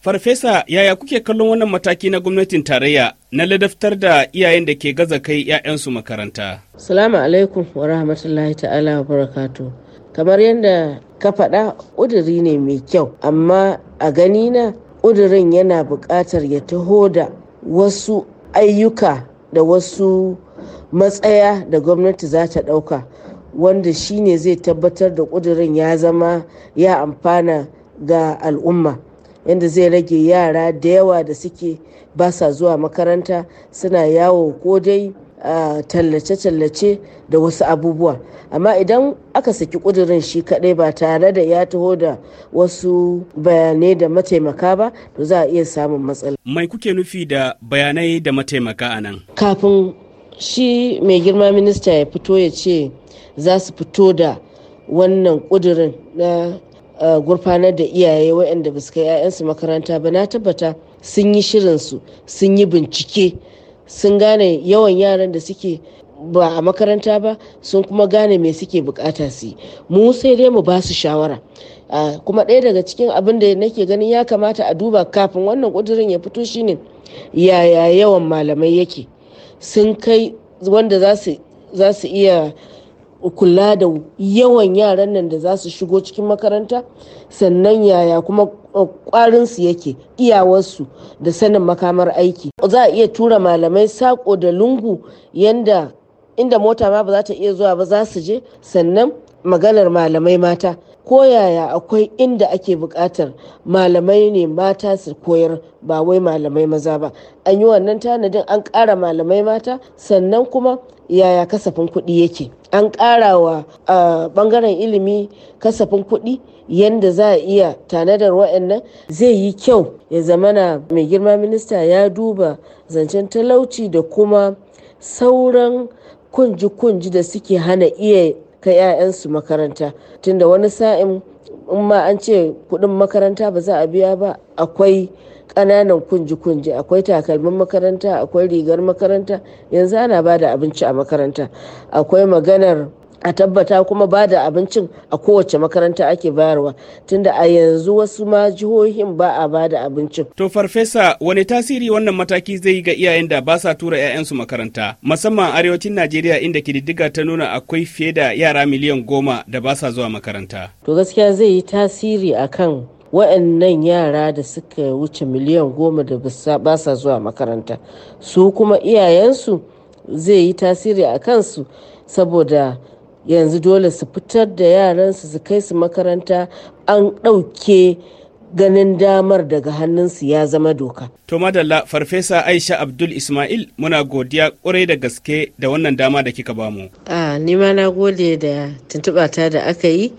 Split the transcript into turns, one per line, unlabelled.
Farfesa, yaya kuke kallon wannan mataki na gwamnatin tarayya na ladaftar da iyayen da ke gaza kai 'ya'yansu makaranta?
Salamu alaikum wa rahmatullahi ta'ala wa barakatu. Kamar yadda ka faɗa ƙuduri ne mai kyau, amma a gani na ƙudurin yana buƙatar ya taho da wasu ayyuka da wasu matsaya da gwamnati za ta ɗauka, wanda shi ne zai tabbatar da ƙudurin ya zama ya amfana ga al'umma. yadda zai rage yara da yawa da suke ba sa zuwa makaranta suna yawo ko dai a tallace-tallace da wasu abubuwa amma idan aka saki kudurin shi kadai ba tare da ya taho da wasu bayanai da mataimaka ba to za a iya samun matsala
mai kuke nufi da bayanai da mataimaka a nan
kafin shi mai girma minista ya fito ya ce za su fito da wannan kudurin na gurfanar da iyaye waɗanda ba su kai 'ya'yansu makaranta ba na tabbata sun yi shirinsu sun yi bincike sun gane yawan yaran da suke ba a makaranta ba sun kuma gane me suke bukata su yi mu sai dai mu ba su shawara kuma ɗaya daga cikin abin da nake ganin ya kamata a duba kafin wannan ƙudurin ya fito shine yaya yawan malamai yake sun kai wanda za su iya kula da yawan yaran nan da za su shigo cikin makaranta sannan yaya kuma kwarinsu eh, yake iyawarsu da sanin makamar aiki za a iya tura malamai sako da lungu yanda inda mota ma ba za ta iya zuwa ba za su je sannan maganar malamai mata koyaya akwai inda ake buƙatar malamai ne mata su koyar ba wai malamai maza ba an yi wannan tanadin an ƙara malamai mata sannan kuma yaya kasafin kuɗi yake an ƙara wa ɓangaren ilimi kasafin kuɗi yadda za a iya tanadar wa'annan zai yi kyau ya zamana mai girma minista ya duba zancen talauci da kuma sauran kunji-kunji da suke hana iya kai 'ya'yansu makaranta tunda wani sa'in in ma an ce kuɗin makaranta ba za a biya ba akwai ƙananan kunji-kunji akwai takalmin makaranta akwai rigar makaranta yanzu ana ba da abinci a makaranta akwai maganar a tabbata kuma ba da abincin a kowace makaranta ake bayarwa tunda a yanzu wasu ma jihohin ba a ba da abincin.
To farfesa wani tasiri wannan mataki zai yi ga iyayen da ba sa tura 'ya'yansu makaranta musamman arewacin Najeriya inda kididdiga ta nuna akwai fiye da yara miliyan goma da ba sa zuwa makaranta.
To gaskiya zai yi tasiri akan waɗannan yara da suka wuce miliyan goma da ba sa zuwa makaranta su kuma iyayensu zai yi tasiri a kansu saboda yanzu dole su fitar da yaransu su kai su makaranta an ɗauke ganin damar daga hannunsu ya zama doka.
To madalla farfesa Aisha Abdul Ismail muna godiya kwarai da gaske da wannan dama da kika bamu.
A ah, nima na gode da tuntuɓata da aka yi.